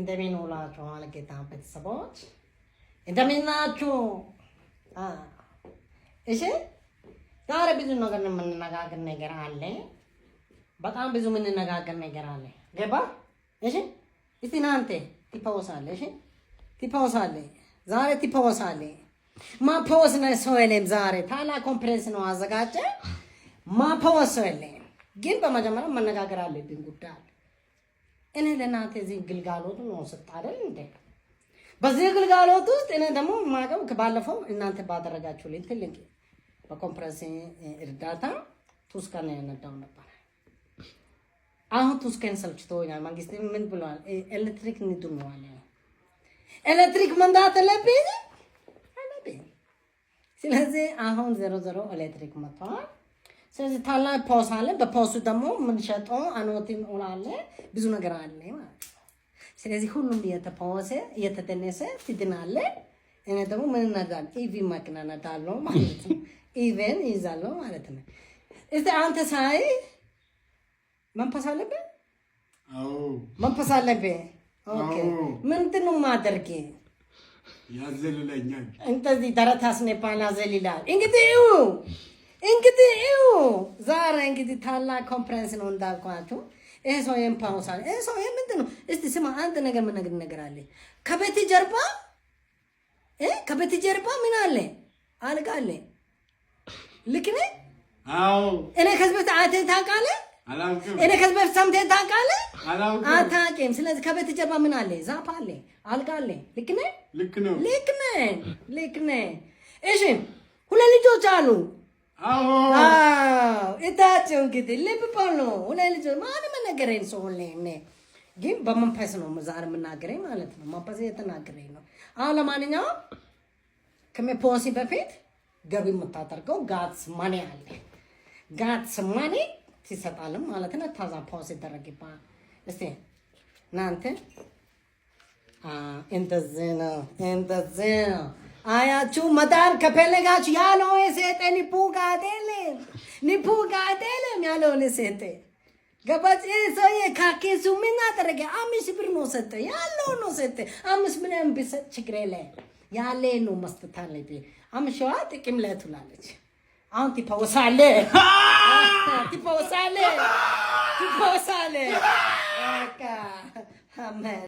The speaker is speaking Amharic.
እንደምን ውላችኋል ጌታ ቤተሰቦች፣ እንደምናችሁ። እሺ ዛሬ ብዙ ነገር የምንነጋገር ነገር አለ። በጣም ብዙ የምንነጋገር ነገር አለ። ገባ? እሺ እስቲ እናንተ ትፈወሳለ። እሺ ትፈወሳለ። ዛሬ ትፈወሳለ። ማፈወስ ነው ሰው የለም። ዛሬ ታላቅ ኮንፈረንስ ነው አዘጋጀ። ማፈወስ ሰው የለም። ግን በመጀመሪያ መነጋገር አለብን ጉዳይ እኔ ለእናንተ እዚህ ግልጋሎት ነው ስጥ አይደል እንዴ? በዚህ ግልጋሎት ውስጥ እኔ ደግሞ ማቀው ከባለፈው እናንተ ባደረጋችሁ ባደረጋችሁልኝ ትልቅ በኮንፈረንስ እርዳታ ቱስካን ያነዳው ነበር። አሁን ቱስካን ሰልችቶኛል። መንግስት ምን ብለዋል? ኤሌክትሪክ ንዱ ነው አለ። ኤሌክትሪክ መንዳት አለብኝ ስለዚህ አሁን ዜሮ ዜሮ ኤሌክትሪክ መጥተዋል። ስለዚህ ታላ ፖስ አለ። በፖሱ ደግሞ የምንሸጠው አኖቲን አለ፣ ብዙ ነገር አለ ማለት ነው። ስለዚህ ሁሉም እየተፖሰ እየተደነሰ ትድናለ። እኔ ደግሞ ምን እናጋል ኢቪ ማቅናናት አለው ማለት ነው። ኢቨን ይዛለው ማለት ነው። እዚ አንተ ሳይ መንፈስ አለብህ፣ መንፈስ አለብህ። ኦኬ ምንድን ነው ማደርግ ያዘልለኛል። እንደዚህ ደረታስኔ ፓን ያዘልላል እንግዲህ እንግዲህ ይኸው ዛሬ እንግዲህ ታላቅ ኮንፈረንስ ነው እንዳልኳችሁ። ይሄ ሰው የምፓውሳል ይሄ ሰው ይሄ ምንድን ነው? እስቲ ስማ አንድ ነገር ምነግድ ነገር አለ። ከቤት ጀርባ ከቤት ጀርባ ምን አለ? አልጋ አለ። ልክ ነህ? አዎ። እኔ ከዚህ በፊት አይተህ ታውቃለህ? እኔ ከዚህ በፊት ሰምተህ ታውቃለህ? አታውቅም። ስለዚህ ከቤት ጀርባ ምን አለ? ዛፍ አለ፣ አልጋ አለ። ልክ ነህ? ልክ ነህ። ልክ ነህ። እሺ፣ ሁለት ልጆች አሉ እታቸው እንግዲህ ልብባል ነው ሁላይ ማንም ነገረኝ ሰው እኔ ግን በመንፈስ ነው ዛሬ የምናገረኝ ማለት ነው። መንፈስ የተናገረኝ ነው። አሁን ለማንኛውም ከሜፖሲ በፊት ገቢ የምታደርገው ጋትስ ማኔ አለ። ጋትስ ማኔ ትሰጣልም ማለት ነው። ታዛ ፖስ ይደረግባል። እስቲ እናንተ እንደዚህ ነው እንደዚህ ነው አያችሁ መዳን ከፈለጋችሁ ያልሆነ ሰይጣን ንፉግ አይደለም፣ ንፉግ አይደለም። ያልሆነ ሰይጣን ገባች። ሰውዬ ካኬሱ ምን አደረገ? አምስት ብር ነው ሰጠ። ያለው ነው ሰጠ። አምስት ሚሊዮን ቢሰጥ ችግር የለም። ያለ ነው መስጠት አለብህ። አምሽዋ ጥቅም ላይ ትውላለች። አሁን ትፈወሳለህ፣ ትፈወሳለህ፣ ትፈወሳለህ። አሜን።